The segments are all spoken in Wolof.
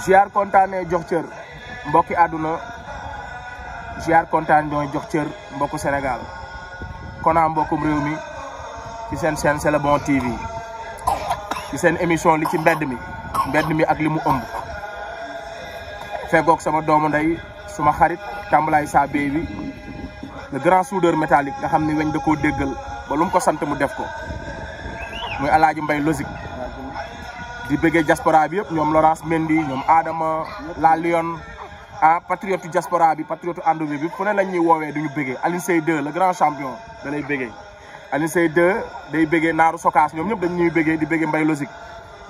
ziar kontaanee jox cër mbokki àdduna ziar kontaan ñooy jox cër mbokku Sénégal konaa mbokkum réew mi ci seen seen C'est le TV ci seen émission li ci mbedd mi mbedd mi ak li mu ëmb feggoog sama doomu ndey suma xarit tàmbalaay saa béy bi le grand soudeur métallique nga xam ni weñ da koo déggal ba lu ko sant mu def ko muy alaaji mbay logique di bëggee diaspora bi yëpp ñoom Laurence Mendy ñoom Adama La Lyon ah patriote diaspora bi patriote ànd bi bi fu ne lañ ñuy woowee duñu bëggee Alioune Seye de le grand champion da lay bëggee Alioune Seye 2 day bëggee Naaru Sokaas ñoom ñëpp dañ ñuy bëggee di bëggee Mbaye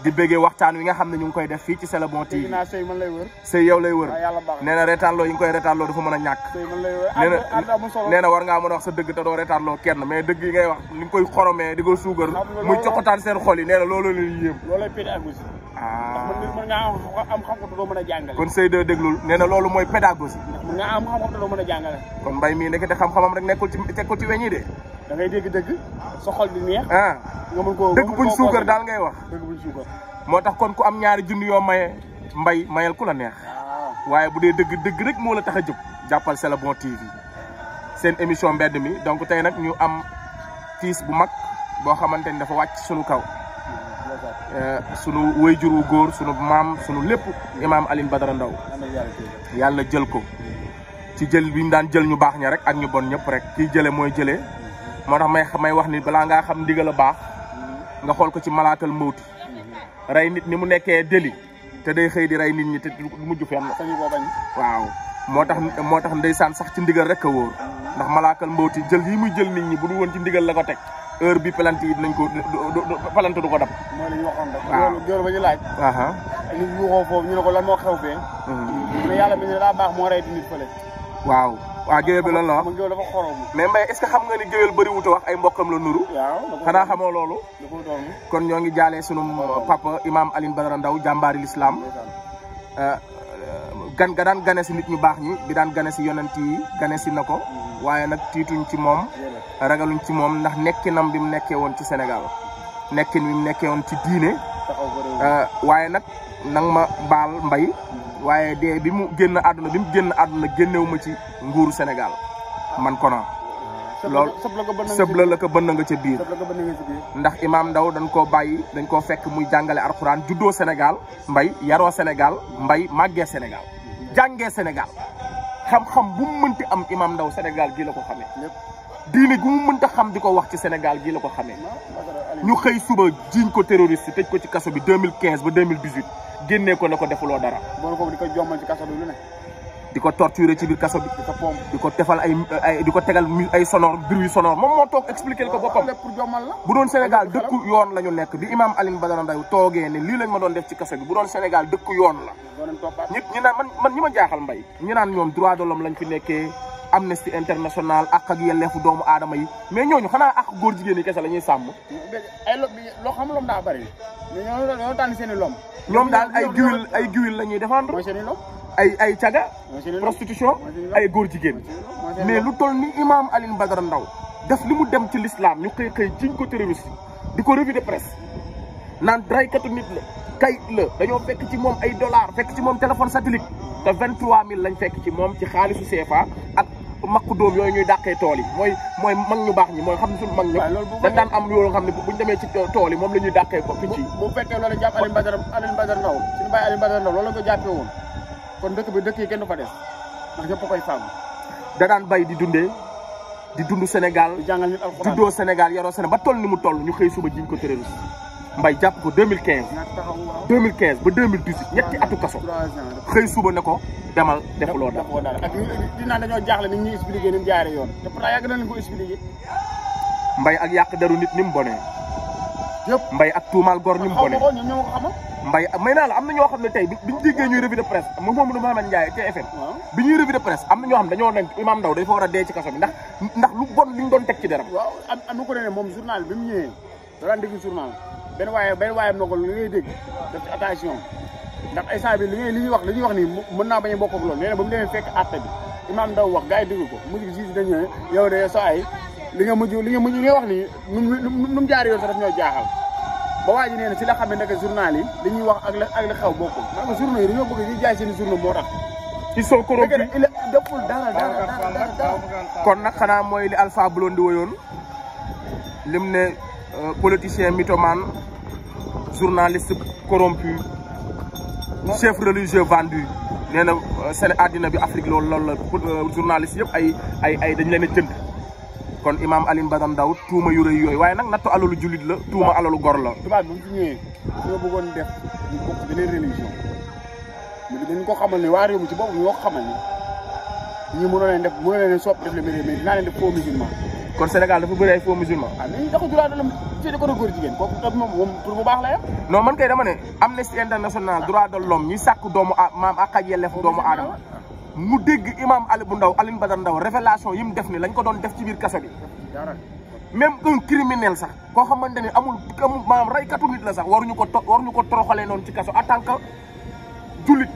di bëggee waxtaan wi nga xam ne ñu ngi koy def fii ci C'est le bon TV sëy man lay wër sëy yow lay ah, na reetaanloo yi nga koy reetaanloo dafa mën a ñàkk nee na war ngaa mën a wax sa dëgg te doo reetaanloo kenn mais dëgg yi ngay wax ni nga koy xoromee di ko suugar muy coxataan seen xol yi nee loolu la yéem ndax mën ngaa am xam-xam te doo mën a jàngale. kon Seydou déglul nee na loolu mooy pédagogie. ndax mën ngaa am xam-xam te doo a jàngale. kon mbay mii nekk te xam-xamam rek nekkul ci tekkul ci de. da ngay dégg dëgg sa xol di neex. ah nga mën koo dëgg buñ suukar daal ngay wax. dëgg buñ suukar. moo tax kon ku am ñaari junni yoo maye mbay mayal ku la neex. Ah. waaye bu dee dëgg dëgg rek moo la tax a jóg. jàppal c'est le bon TV seen émission mbedd mi donc tey nag ñu am tiis bu mag boo xamante ni dafa wàcc sunu kaw Eh, sunu wayjur wu góor sunu maam sunu lépp imaam Alioune Badara Ndao yàlla jël ko ci jël bi ñu daan jël ñu baax ña rek ak ñu bon ñëpp rek kii jële mooy jëlee moo tax may may wax ni balaa ngaa xam ndigal a baax nga xool ko ci malaatal mawti rey nit ni mu nekkee deli te day xëy di rey nit ñi te du mujj fenn waaw moo tax moo tax ndeysaan sax ci ndigal rek a wóor ndax malaatal mawti jël yi muy jël nit ñi bu du woon ci ndigal la ko teg heure bi pelanti dinañ ko palante du ko dab mo lañ aha mhm. wa geewel bi lan la mais mbay est ce xam nga ni wax ay mbokam la nuru xana xamoo lolu kon ñoo ngi papa imam Alin badara ndaw jambari l'islam euh, euh gan ga daan nit ñu bax ñi bi daan yonenti nako mhm. waye nak tituñ ci mom ragaluñ ci moom ndax nekkinam bi mu nekkee woon ci Sénégal nekkin bi mu nekkee woon ci diine euh, waaye nag nang ma baal mbay waaye dee bi mu génn àdduna bi mu génn àdduna génnewu ma ci nguuru Sénégal man kono loolu sëbla la ko bënn nga ca biir ndax Imaam Ndaw dañ koo bàyyi dañ koo fekk muy jàngale alxuraan juddoo Sénégal mbay yaroo Sénégal mbay màggee Sénégal jàngee Sénégal xam-xam bu mu mënti am Imaam Ndaw Sénégal gii la ko xamee diine gu mu mënta xam di ko wax ci Sénégal gii la ko xamee ñu xëy suba jiiñ ko terroriste tëj ko ci kaso bi 2015 mille 2018 ba ko na ko defuloo dara. ko di ko jommal ci kaso bi lu ne. di ko torturer ci biir kaso bi. di ko pompe di ko tefal ay ay di ko tegal ay sonore bruit sonore moom moo toog expliquer ko boppam. pour jommal la. bu doon Sénégal dëkku yoon la ñu nekk bi imaam Alioune Badara Ndao toogee ne lii lañ ma doon def ci kaso bi bu doon Sénégal dëkku yoon la. ñi ñi naan man man ñi ma jaaxal mbay. ñi naan ñoom droit de l'homme amnesty international ak ak yelleefu doomu adama yi mais ñoñu xana ak goor jigeen yi kessa lañuy sam ay lo xam lom daa bari. ñoñu ñooñu dañoo tànn seen lom. ñom dal ay guil ay guil lañuy ñuy défendre. ay ay tiaga prostitution ay goor jigeen mais lu toll ni imam Alioune badar ndaw def limu dem ci l'islam ñu xey xey jiñ ko terroriste diko revue de presse nan dray katu nit la kay le dañoo fekk ci mom ay dollars fekk ci mom téléphone satellite te 23000 lañ fekk ci mom ci xaalisu CFA ak makku dóom yooyu ñuy dàqee tool yi mooy mooy mag ñu baax ñi mooy xam ne suñu mag ñëpp dañ am loolu nga xam ne buñu demee ci tool yi moom la ñuy dàqee ko picc yi bu fekkee loolu la ko kon dëkk bi dëkk yi kenn du fa des ndax ñëpp koy da daan bay di dundee di dund Sénégal juddoo Sénégal yaroo Sénégal ba toll ni mu toll ñu xëy suba jiñ ko terroriste Mbaye jàpp ko 2015 2015 ba 2018 ñetti atu kaso xëy suba ne ko demal defuloo dara. ak dinaa dañoo jaaxle ni ñuy expliqué ni mu yoon te pourtant yàgg na leen yàq deru nit ni mu bonee. yëpp Mbaye ak tuumaal gor ni mu bonee Mbaye may naa la am na ñoo xam ne tey bi ñu ñuy revue de presse moom Mamadou Mouhamed Ndiaye TFM bi ñuy revue de presse am na ñoo xam dañoo ne Imam Ndao dafa war a dee ci kaso bi ndax ndax lu bon li doon teg ci deram waaw am na ko ne moom journal bi mu ñëwee da benn waaye benn waayam na ko li ngay dégg def ci ndax instant bi li ngay li ñuy wax li ñuy wax nii mën naa bañ a bokk ak loolu nee ba mu demee fekk àtte bi imaam ndaw wax gars yi dégg ko mujj gi dañu ne yow de sa ay li nga mujj li nga mujj li nga wax nii nu mu jaar yoon sax daf ñoo jaaxal ba waa ji na si la xam ne nag journal yi li ñuy wax ak la ak la xew bokkul parce que journaux yi dañoo bëgg ñuy jaay seen journaux moo tax ils sont corrompus dëppul dara dara dara kon nag xanaa mooy li Alpha Blondy woyoon lim ne Euh, politicien mythomane journaliste corrompu chef religieux vendu nee na euh, seen àddina bi Afrique loolu loolu la euh, journaliste yëpp ay ay dañ leen a jënd kon imaam Alioune Badara Ndao tuuma yu rëy yooyu waaye nag nattu alalu jullit la tuuma alalu gor la. tubaab bi mu fi ñëwee su nga bëggoon def ñu bokk beneen religion dañ ko xamal ne ci boppam def mënoo leen sopp def dinaa leen def faux musulman kon Sénégal dafa bëri ay faux musulman ah mais ko góor jigéen kooku tam moom tur bu baax la yam non man kay dama ne Amnesty International droit de l'homme ñi sàkk doomu a maam ak ak yelleef doomu aadama mu dégg imam Ali bu ndaw Alioune Badara Ndaw révélation yi mu def ni lañ ko doon def ci biir kaso bi même un criminel sax koo xamante ne amul amul maanaam raykatu nit la sax waruñu ko to waruñu ko toroxalee noonu ci kaso en tant que jullit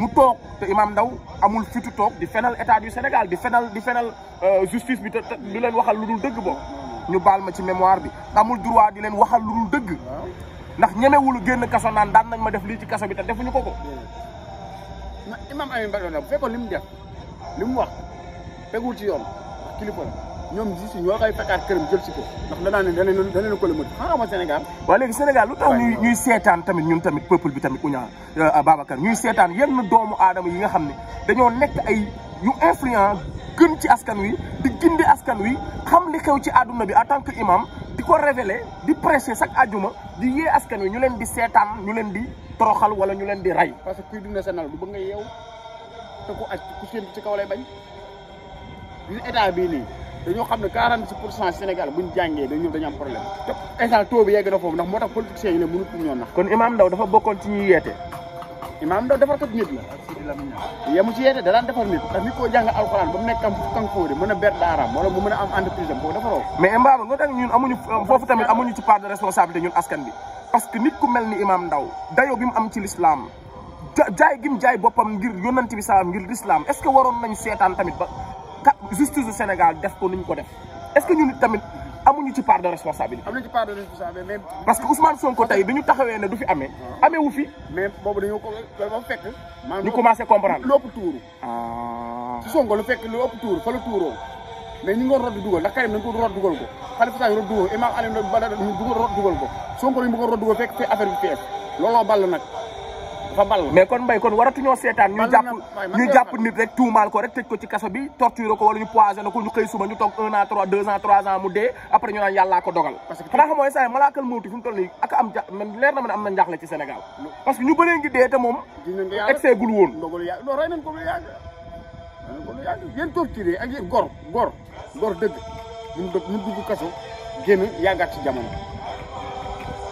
mu toog te Imam Ndaw amul fitu toog di fenal état du Sénégal di fenal di fenal euh, justice bi te di leen waxal lu dul dëgg bo ñu baal ma ci mémoire bi amul droit di leen waxal lu dul dëgg ndax ñemewul génn kaso naan daan nañ ma def lii ci kaso bi te defuñu ko ko. Imam Alioune Badara bu fekkoon li mu def li mu wax tegul ci yoon kilifa la ñoom juste ñoo koy fekkaat këram jël si ko ndax danaa ne danañ danañ ko la mën xanaa ma Sénégal. waaw léegi Sénégal lu tax ñuy seetaan tamit ñun tamit peuple bi tamit uñaa euh, Babacar ñuy seetaan yenn doomu aadama yi nga xam ne dañoo nekk ay yu influent gën ci askan wi di gindi askan wi xam li xew ci àdduna bi en tant que imam di ko révéler di prêcher chaque àjjuma di yee askan wi ñu leen di seetaan ñu leen di toroxal wala ñu leen di rey. parce que kuy dund sa nal du bëgg nga yeew te ku aj ku séen ci kaw lay bañ ñu dañoo xam ne quarante pour cent Sénégal buñ jàngee dañu dañu am problème te instant taux bi yegg na foofu ndax moo tax politiciens yi ne mënut kon Imaam Ndao dafa bokkoon ci ñuy yeete Imaam Ndao defar kat ci a ber daaraam wala mu mën a am entreprise am koo defaroo mais Mbaba nga tax euh, ci part de responsabilité ñun askan bi parce que nit ku mel ni Imaam Ndao dayoo bi mu am ci l'islam jaay gi mu jaay boppam ngir yónnante bi salaam ngir l'islam est-ce que waroon nañu seetaan tamit ba justice du Sénégal def ko ni ko def est-ce que ñun tamit amuñu ci part de responsabilité. amuñu ci part de responsabilité mais. parce que Ousmane Sonko tay bi ñu taxawee ne du fi amé amé wu fi. mais bobu dañu ko dafa fekk. ñu commencé comprendre lu ëpp ah si Sonko lu fekk lu ëpp tour fa lu touro mais ñi ngi rod rodd dugal ndax Karim dañu ko rod rodd ko Khalifa Sall rod dugal Imam Alioune Badara ñu dugal rodd dugal ko Sonko ñu bëgg rod rodd fekk fi affaire bi fees lolo ball nak mais kon mbay kon waratuñoo seetaan ñu jàpp ñu jàpp nit rek tuumaal ko rek tëj ko ci kaso bi torture ko wala ñu poisonné ko ñu xëy suma ñu toog un an trois deux ans trois ans mu dee après ñu naan yàllaa ko dogal xanaa xamooy saa malaakal mawti fi mu toll ak am man leer na man am na njaaxle ci Sénégal parce que ñu ngi excès gul woon nañ ko ak gor gor gor ñu dugg ci jamono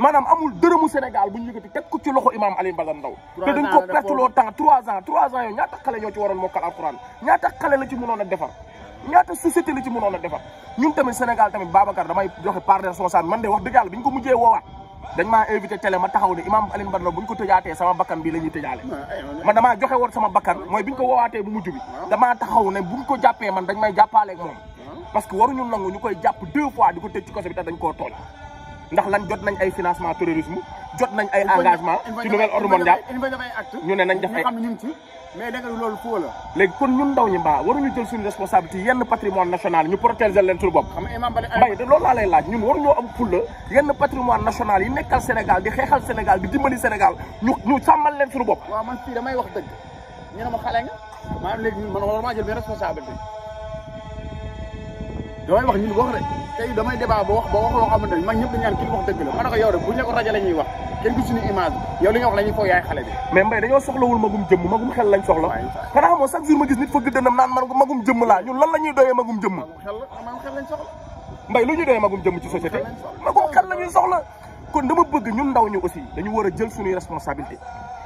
maanaam amul dërëmu Sénégal bu ñu yëkkati teg ko ci loxo imaam Alioune Badara Ndao te dañ ko perteloo temps trois ans trois ans yooyu ñaata xale ñoo ci waroon mokkal alxuraan ñaata xale la ci mënoon a defar ñaata société la ci a defar ñun tamit Sénégal tamit Babacar damay joxe part de responsable man de bi ñu ko mujjee woowaat dañ maa joxe woon sama bakkan mooy bi ñu ko woowaatee bu mujj bi damaa taxaw ne bu ñu ko jàppee man dañ may jàppaaleeg moom parce que jàpp deux fois di ko tëj ndax lan jot nañ ay financement terrorisme jot nañ ay engagement ci nouvel ordre mondial ñu ne nañ def mais dégg loolu foo la léegi kon ñun ndaw ñi mbaa waruñu jël suñu responsabilité yenn patrimoine national ñu protéger leen suñu bopp mbay de loolu laa lay laaj ñun waruñoo am fulla yenn patrimoine national yi nekkal Sénégal di xeexal Sénégal di dimbali Sénégal ñu ñu leen suñu bopp dëgg ñu ne ma xale nga maanaam damay wax ñun wax rek tey damay débat ba wax ba wax loo xamante ne man ñëpp dañu naan kii wax dëgg la ma ne ko yow rek bu ñu la ko rajo la ñuy wax kenn du suñu image yow li nga wax la ñuy foog yaay xale bi mais mbay dañoo jëmm magum xel lañ soxla xanaa xamoo chaque jour ma gis nit fëgg magum jëmm la ñuy doyee magum jëmm xel lañ soxla la kon dama bëgg ñun ndaw ñu aussi dañu war a jël suñuy responsabilité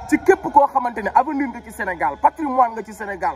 ci képp koo xamante ne avenir nga ci Sénégal patrimoine nga ci Sénégal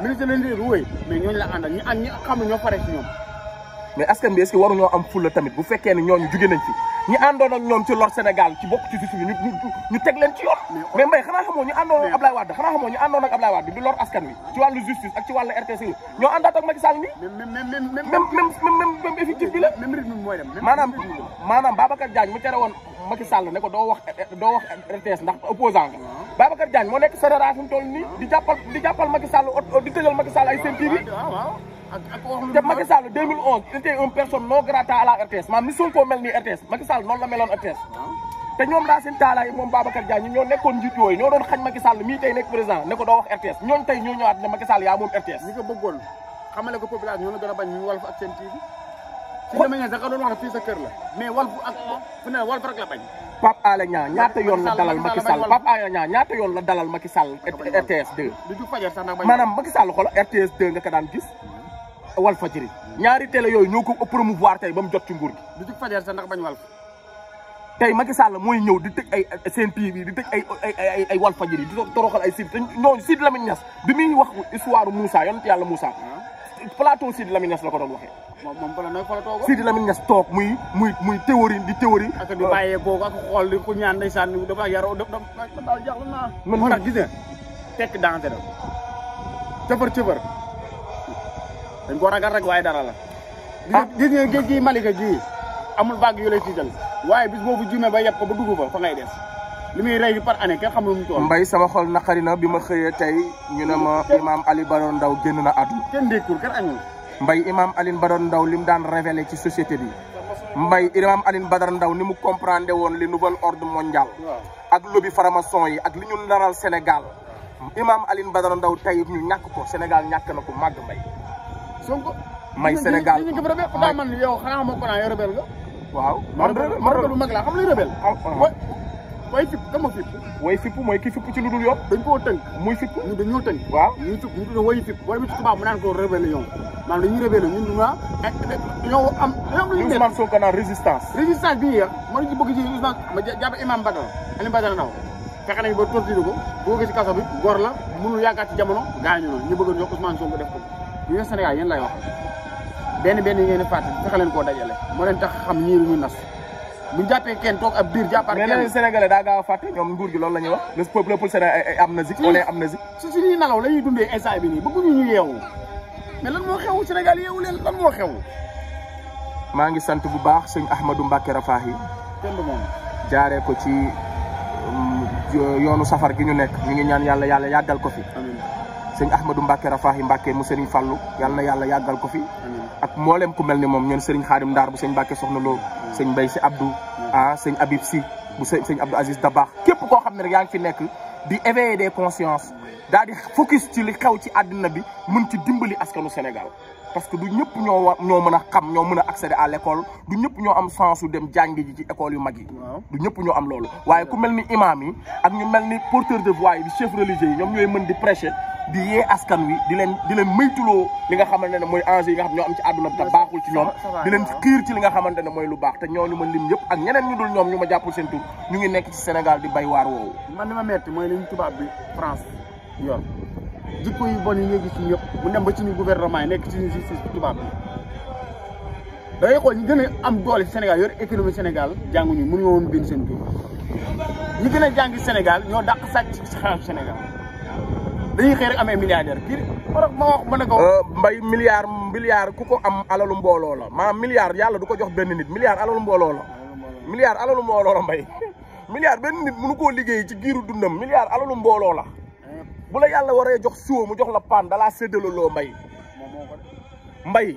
ministre de l'intérieur wooy mais ñooñu la àndal ñu am ñi xam ñoo pare si ñoom mais askan est-ce que nous am un tamit bu fekkee ñooñu nañ fi Sénégal ci ci ñu mais mbay xamoo ñu ak Ablaye xamoo ñu askan ci tu justice ak ci RTS ñoo Macky ni même même même effectif bi la tu tu Macky Sall ne tu wax opposant tu Babacar tu mu toll di di te Macky Sall 2011 il était une personne non grata à la RTS ma ni Sonko mel RTS Macky Sall noonu la RTS ah. te ñoom Racine Talla yi moom Babacar Diagne ñoo nekkoon njiit yooyu ñoo doon xañ Macky Sall mii président ne ko wax RTS ñoom tey ñoo ñëwaat ne Macky Sall RTS ñi ko bëggoon xamale ko population ñoo la gën bañ ñu Walf ak seen TV ci demee ne sax doon wax fii sa kër la mais Walf ak fu ne Walf rek la bañ ñaata yoon la dalal Macky Sall ñaata yoon la dalal Macky Sall RTS 2 maanaam Macky Sall RTS 2 nga ko daan gis wal fajiri ñaari télé yooyu ñoo ko promouvoir tey ba mu jot ci nguur gi du jug fajar sa ndax bañ wal tay Macky Sall moy ñew di tëj ay seen TV di tëj ay ay ay wal fajiri di toroxal ay site ñooñu Sid Lamine ñass bi muy wax histoire Moussa yonent Yalla Moussa plateau Sid Lamine ñass la ko doon waxee mom bala noy plateau go toog Sid Lamine ñass tok muy muy muy théorie di théorie ak di baye googu ak xol di ku ñaan ndeysaan dafa yaro dafa dal jaxlu na man tak gis nga tekk danger cëfër cëfër dañ ko ragal rek waaye dara la. ah gis nga géej gi Malika gii amul vague yu lay tiital waaye bis boobu juumee ba yeb ko ba dugg fa fa ngay des li muy par année kenn xamul mu toll. mbay sama xol naqari na bi ma xëyee tey ñu ne ma imaam Ali Badone Ndao génn na adu. kenn dékkul kenn añul. mbay imam Alioune Badara Ndao li mu daan révélé ci société bi mbay imaam Alioune Badara Ndao ni mu comprendre woon li nouvel ordre mondial ak lobby faramason yi ak li ñu naral Sénégal imaam Alioune Badara Ndao tey ñu ñàkk ko Sénégal ñàkk na ko màgg mbay Sonko. may Sénégal ñu man yow xanaa ma ko naan yow rebelle nga. waaw man rebelle man rebelle bu mag laa xam luy rebelle. Ah, ah. way fipp ka ma fipp way fipp mooy ki fipp ci lu dul yoon dañ koo tënk muy fipp ñu dañoo waaw ñu tudd ñu tudd way fipp way bi ci tubaab mu naan ko rébellion maanaam dañuy rébellion ñun duna eh, eh, ñoo am ñoom lu ñu Ousmane Sonko naan résistance résistance bi ya man ci bëgg ci Ousmane ma jàpp imam Badara Aliou Badara Ndaw fexe nañ ba torturé ko boo ko ci kaso bi gor la mënul yaakaar ci jamono gaañu na ñu bëgg jox Ousmane Sonko def ko ñu ne Sénégal yéen lay wax benn benn yi ngeen di fàtte fexe leen koo dajale moo leen tax xam ñii lu ñu nas buñ jàppee kenn toog ab diir jàppaat kenn. mais nee Sénégalais daa gaaw a fàtte ñoom nguur gi loolu la ñuy wax le peuple le peuple Sénégal amnésique on est amnésique. su si ñuy nalaw la ñuy instant bi nii bëgguñu ñu yeewu mais lan moo xew Sénégal yeewu leen lan moo xew. maa ngi sant bu baax sëñ Ahmadou Mbacké Rafahi kenn du moom jaaree ko ci mm, yoonu safar gi ñu nekk ñu ngi ñaan yàlla yàlla yàggal ko fi sëñ Ahmadou Mbacke Rafahi Mbacke mu sëriñ Fallou yàlla na yàlla yàggal ko fi. ak mboolem ku mel ni moom ñun sëriñ Xaadim Ndaar bu sëñ Mbacke soxna Lo. sëñ Mbaye si Abdou. ah sëñ Habib si bu sëñ sëñ Abdou Aziz Dabakh képp koo xam ne rek yaa ngi fi nekk di éveiller des consciences daal di focus ci li xew ci àddina bi mun ci dimbali askanu Sénégal. parce que du ñëpp ñoo ñoo mën a xam ñoo mën a accéder à l'école du ñëpp ñoo am sens dem jàngi ci école yu mag yi du ñëpp ñoo am loolu waaye ku mel ni imam yi ak ñu mel ni porteur de voix yi di chef religieux yi ñoom ñooy mën di prêcher di yee askan wi di leen di leen maytuloo li nga xamante ne mooy enjeu yi nga xam ñoo am ci àdduna bi te baaxul ci ñoom di leen xiir ci li nga xamante ne mooy lu baax te ñooñu ma lim yëpp ak ñeneen ñu dul ñoom ñu ma jàppul seen ngi nekk ci Sénégal di bay waar woowu man mooy li ñu jikko yu bon yi nga gis ñu yëpp mu dem ba ci ñu gouvernement yi nekk ci ñu justice bi tubaab bi da ngay xool ñu gën am doole Sénégal yor économie Sénégal jànguñu mënuñoo woon bind seen tur ñi gën a jàngi Sénégal ñoo dàq sàcc ci xaalis Sénégal dañuy xëy rek amee milliardaire kii war ma wax ma ne ko. Euh, mbay milliard milliard ku ko am alalu mbooloo la maanaam milliard yàlla du ko jox benn nit milliard alalu mbooloo la. milliard alalu mbooloo la mbay milliard benn nit mënu koo liggéey ci giiru dundam milliar alalu mbooloo la. bu la yàlla waree jox siwo mu jox la paan dalaa séddalaloo mbay mbay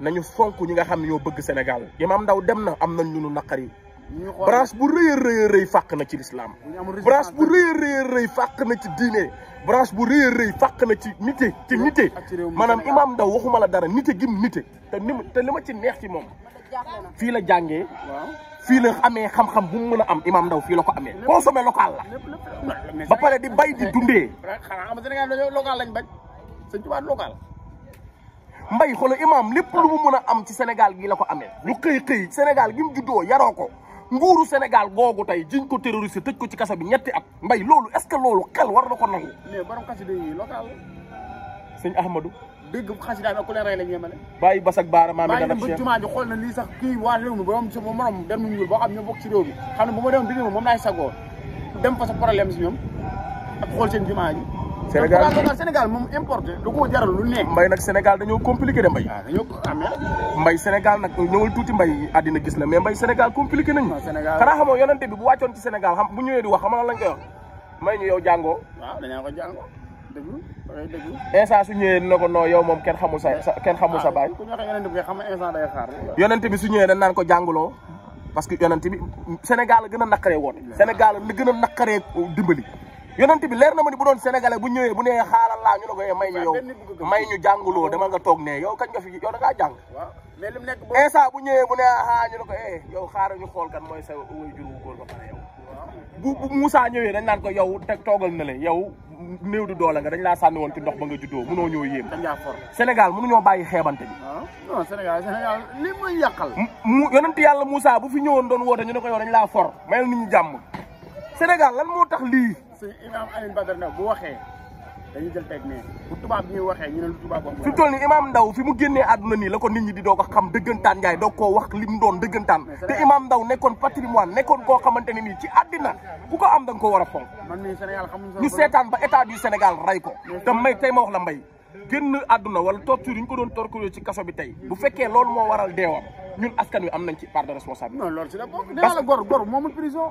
nañu fonk ñi nga xam ne ñoo bëgg Sénégal imam ndaw dem na am nañ ñu nu naqari branche bu rëy a rëy rëy fàq na ci lislaam branche bu rëy a rëy rëy fàq na ci diine branche bu rëy a rëy fàq na ci nite ci nite maanaam imam ndaw waxuma la dara nite gim nite te ni ma ci neex ci moom fii la jàngee fii la amee xam-xam bu mu mën a am imam ndaw fii la ko amee consommé local la ba pare di bay di dundee xanaa xam lañ bañ sëñ Tuubaa local mbay xoolal imaam lépp lu mu mën a am ci Sénégal gi la ko amee lu xëy xëy Sénégal gi mu juddoo yaroo ko nguuru Sénégal googu tey jiñ ko terroriste tëj ko ci kaso bi ñetti at mbay loolu est-ce que loolu xel war la ko nangu mais borom sëñ Ahmadou dégg xasidaay ak ku leen rey lañ yemale bàyyi bas ak baara maa mi dana bàyyi jumaa ji xool na lii sax kii waa réew mi ba moom sama morom dem ñuul boo xam ñoo bokk ci réew mi xam ne bu ma demoon bi moom laay sagoo dem fa sa problème si ñoom ak xool seen jumaa ji Sénégal Sénégal moom importé lu ko jaral lu nekk mbay nag Sénégal dañoo compliqué de mbay ah, ah, mbay Sénégal nag ñëwal tuuti mbay àddina gis la mais mbay Sénégal compliqué nañu xanaa xamoo yonente bi bu wàccoon ci Sénégal xam bu ñëwee di wax xam nga lañ koy wax may ñu yow jàngoo waaw dañaa ko jàngoo instant su ñëwee dina ko noo yow moom kenn xamul sa kenn xamul sa baay. Ah, yonent bi su ñëwee dañ naan ko jàngaloo parce que yonent bi Sénégal gën a naqaree woote. Sénégal li gën a naqaree dimbali. yonent bi leer na ma ni bu doon sénégalais bu ñëwee bu nee xaaral laa ñu ne ko may eh, may ñu jàngaloo dama nga toog ne yow kañ nga fi yow da jàng. nekk boobu instant bu ñëwee bu nee ah, ñu ne ko eh yow xaaral ñu xool kan mooy sa way jur wu góor ba pare yow. bu bu Moussa ñëwee dañ naan ko yow teg toogal na le yow néew du doole nga dañ laa sànni woon ci ndox ba nga juddoo mënoo ñoo yéem. dañ laa for Sénégal mënuñoo bàyyi xeebante bi. Ah, Sénégal li muy yàqal. mu yonent yàlla Moussa bu fi ñëwoon doon woote ñu ne ko yow dañ laa for mayal nit ñi jàmm Sénégal lan moo tax lii. si Imam Alioune Badara bu waxee. dañuy jël teg ne wax. fi mu toll nii imaam Ndaw fi mu génnee àdduna nii la ko nit ñi di doo a xam dëggantaan Ndiaye doog koo wax li mu doon dëggantaan. te imaam Ndaw nekkoon patrimoine nekkoon koo xamante ne nii ci àddina ku ko am da ko war a fonk. man mii Sénégal xamuñu ñu seetaan ba état du Sénégal rey ko. te may tey ma wax la mbay génn àdduna wala torture yi ñu ko doon torture ci kaso bi tey bu fekkee loolu moo waral deewam ñun askan wi am nañ ci part de responsabilité.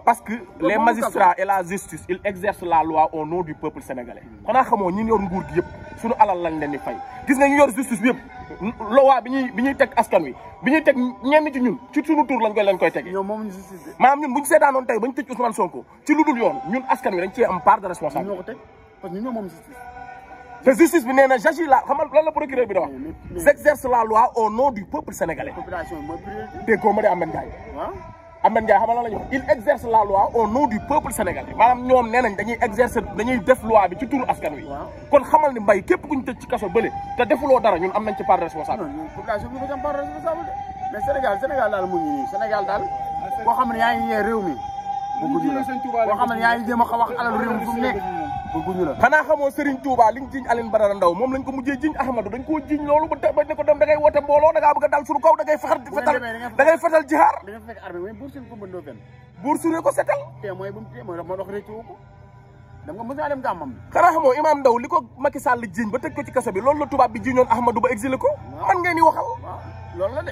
parce que les magistrats et la justice ils exercent la loi au nom du peuple sénégalais. xanaa xamoo ñi yor nguur gi yëpp suñu alal lañ leen fay gis nga ñu yor justice bi yëpp loi bi ñuy bi ñuy teg askan wi bi ñuy teg ñenn ci ñun ci suñu tur lañ koy leen koy tege. Résistance justice bi nee j'agis là xamal lan la procureur bi da wax j'exerce la loi au nom du peuple sénégalais déggoo ma de Ahmed Ndiaye Ahmed Ndiaye xam lan la ñu il exerce la loi au nom du peuple sénégalais manam ñom nee dañuy exerce dañuy def loi bi ci turu askan wi kon xamal ni mbay képp kuñ tecc ci kaso bële te defuloo dara ñun am nañ ci part de responsable mais Sénégal Sénégal dal mu ñi Sénégal dal ko xamni yaay ñi réew mi boo xam ne yaa ngi jéem wax alal réew bu fu nekk bëgguñu la xanaa xamoo Serigne Touba li ñu jiñ Alioune Badara Ndao moom lañ ko mujjee jiñ Ahmadou dañ koo jiñ loolu ba ba ne ko dem da ngay woote a dal suñu kaw da ngay faxar fetal da ngay fetal jihaar buur ko setal dama nga Imaam Ndao li ko Macky Sall jiñ ba teg ko ci kaso bi loolu la tubaab bi jiñoon Ahmadou ba exilé ko man ngeen di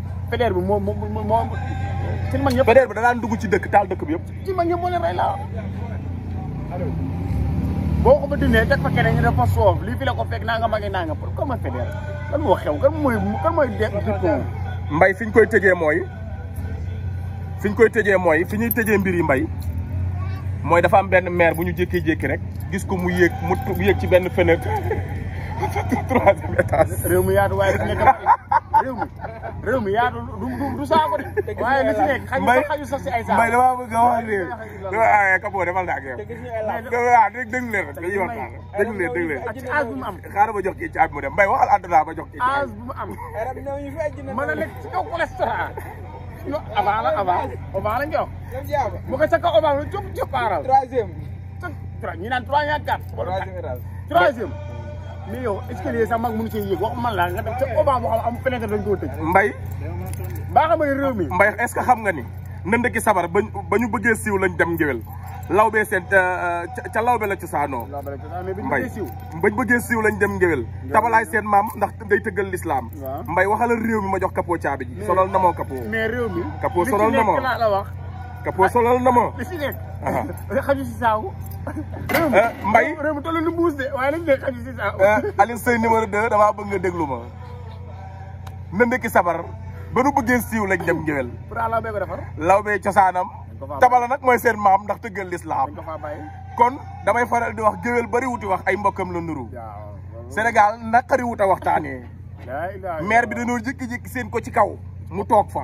fédère bi moo moo moo seen mag ñëpp. fédère dugg ci dëkk taal dëkk bi yëpp. ci mag ñëpp moo leen rey laa boo ko ba dindee teg fa keneen ñu dafa soof lii fi la ko fekk naa nga magi naa nga pour comme fédère kan moo mooy mbay fi ñu koy tëjee mooy fi ñu koy tëjee mooy fi ñuy tëjee mbir yi mbay mooy dafa am benn maire bu ñu jékki-jékki rek gis ko mu yéeg mu yéeg ci benn fenêtre troisième étage réew mi réew mi yaatu du du saako de. waaye li si nekk xaju sax xaju sax si ay saako. mbay damaa bëgg a wax léegi. waaw Kapoo defal naa ak yow. waaw dégg leen rek dañuy wax dégg leen dégg leen. ci aas bu mu am. xaaral ma jox kii caabi mu dem mbay waxal àdduna ba jox kii. aas bu mu am. mën na lekk ci kaw cholestérol. non avant la avant avant la ñu jox. bu ko ca kaw avant la jóg jóg. troisième. ñu naan trois ñaar quatre. troisième. mais yow escalier sax mag mënu cee yéeg wax man am fenêtre mbay. baa xam ne réew mi. mbay est-ce que xam nga ni. ndënd ki sabar ba ñu bëggee siiw lañ dem ngéwél lawbee seen ca lawbe la cosaanoo mbay bañ bëggee siiw lañ dem ngéwél tabalaay seen maam ndax day tëggal lislaam mbay waxala réew mi ma jox kapoo caabi ji sonal na moo kapoo mais réew mi kapoo sonal na moo Kappo ah. solal na ma. li si nekk. xaju si damaa bëgg nga déglu ma. na ndekki sabar ba nu bëggee siiw lañ dem ngewel. pourtant law mooy seen maam ndax tëggal lislaam kon damay faral di wax géwél bari wuti wax ay mbokkam la nuru. Sénégal naqari wut a waxtaanee. maire bi dañoo jékki-jékki séen ko ci kaw mu toog fa.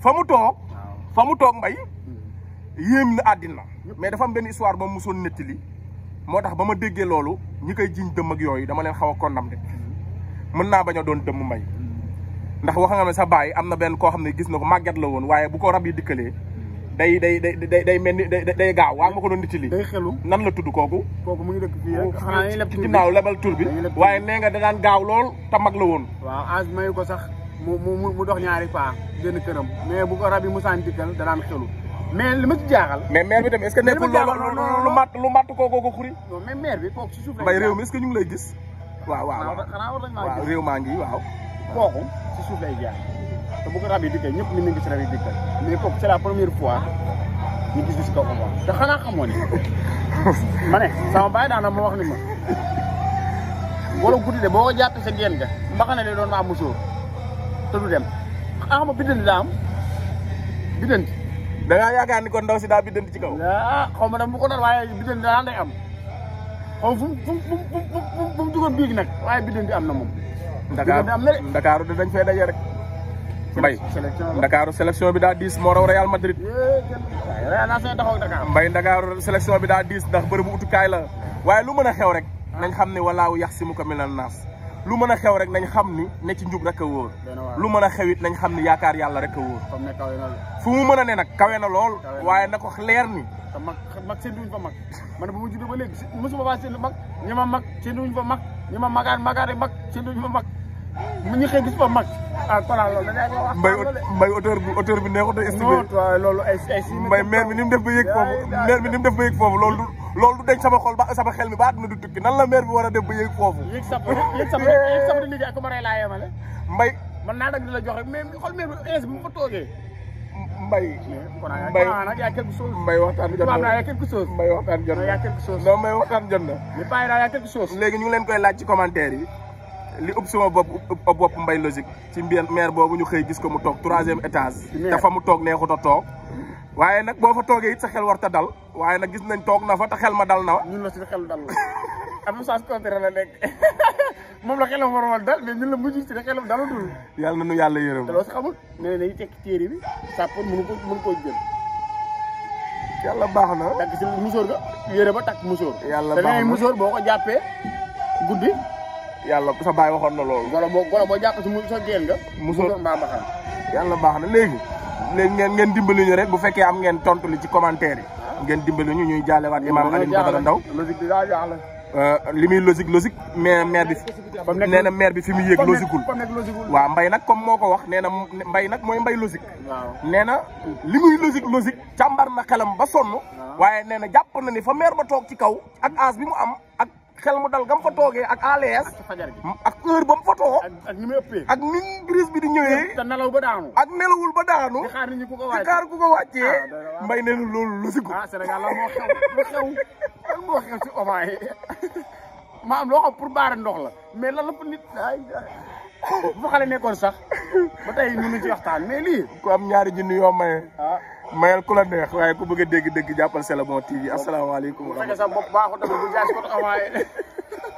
fa mu toog. fa mu toog mbay hmm. yéem na àddina mais dafa am benn histoire ba mu mosoon nettali moo tax ba ma déggee loolu ñi koy jiñ dëmm yooyu dama leen xaw a condamné hmm. mën naa bañ a doon dëmm may hmm. ndax wax nga ne sa baay am na benn koo xam ne gis na ko màgget la woon waaye bu ko rab yi dikkalee day day day day day mel ni day gaaw waa ma ko doon nettali day xelu nan la tudd kooku kooku mu ngi dëkk fii ginnaaw lebal tur bi waaye nee nga da daan gaaw lool te mag la woon waaw mu mu mu dox ñaari paa génn këram mais bu ko rab yi mu da daan xelu mais li ci jaaxal. mais maire bi tamit est ce que nekkul lu matt lu matt kooku ko xuri. non mais maire bi kooku si suuf la. mbay réew mi est ce ñu ngi lay gis. waaw waaw ngi waaw. lay te bu ko ngi mais la première fois ñu gis kaw ko te sama bàyyi daana wax ni ma wala guddi de boo ko sa génn ga mbaxane doon te du dem ama biddanti daa am biddanti ya da kon ndaw si daa biddanti ci kaw xaw ya, ma dem bu ko doon waaye biddanti daan day am xaw fu fu fu fu fu dugoon biig nag waaye biddanti am na moom Dakar Dakar dañ fay daje rek mbay Real Madrid mbay Dakar bi ndax la lu xew rek ah. nañ lu mën a xew rek nañ xam ni ne ci njub rek a wóor lu mën a xew nañ xam ni yaakaar yàlla rek a wóor fu mu mën a ne nag kawe na lool waaye na ko leer ni te mag mag seen duñ fa mag man bu ma juddoo ba léegi mosuma baa seen mag ñi ma mag seen duñ fa mag ñi ma magaan magaare mag seen duñ fa mag mu ñu xëy gis fa mag ah Kora loolu da mbay mbay bu bi auteur bi neexut a estimé. non loolu ay ay. mbay maire bi ni mu def ba yëg foofu maire bi ni def ba yëg foofu loolu. loolu du deñ sama xol ba sama xel mi ba àdduna du tukki nan la maire bi war a def ba yéeg foofu eh. ku ma laa yemale mbay man naa dag di la jox rek mais xol maire toogee mbay mbay nag waxtaan jot na yaa mbay waxtaan jot na yaa quelque chose non mbay waxtaan jot na li bàyyi léegi ñu leen koy laaj ci commentaire yi li ëpp sama bopp ëpp bopp mbay logique ci mbir maire boobu ñu xëy gis ko mu toog troisième étage dafa mu toog neexut a toog waye nak bo fa toge it sa xel war ta dal waye nak gis nañ tok na fa ta xel ma dal na ñun la ci xel dal am sa ko tere la nek mom la xel war dal mais ñun la mu si ne xel dalatul yàlla na nu yàlla yërëm te loo si ne ne dañuy tek téere bi sa sàppoon mu ko mu ko jël yalla baax na takk si musóor ga yere ba tak musor yalla baax na musóor boo ko jàppee guddi yàlla sa bay waxon na lool golo bo golo bo japp ci musor gel géen nga musóor mbaa mbaxal yàlla baax na léegi léegi ngeen ngeen dimbali ñu rek bu fekkee am ngeen tontu li ci commentaire yi ngeen dimbali ñu ñuy jaalewaat imaam Alioune Badara Ndao euh, li muy logique logique mais maire bi nee na maire bi fi mu yéeg logiqueul waaw mbay nag comme moo ko wax nee na mbay nag mooy mbay logique nee na li muy logique logique càmbar na xelam ba sonn waaye nee na jàpp na ni fa maire ba toog ci kaw ak aas bi mu am ak xel mu dal gam fa toogee ak à ak heure ba mu ak ni mu bi di ñëwee te nelaw ba daanu ak nelawul ba daanu di xaar nit ñi ku ko wàccee di xaar ku ah, lu lu si ah, Oma maam loo xam pour baare ndox la mais lan la fa nit ay bu fa xale sax ba tey mënuñu ci waxtaan mais lii ku am ñaari junni yoo maye ah. mayal ku la neex waaye ku bëgg a dégg dégg jàppal C'est le bon TV asalaamaaleykum. bu fekkee sa bopp baax tamit bu jaay ko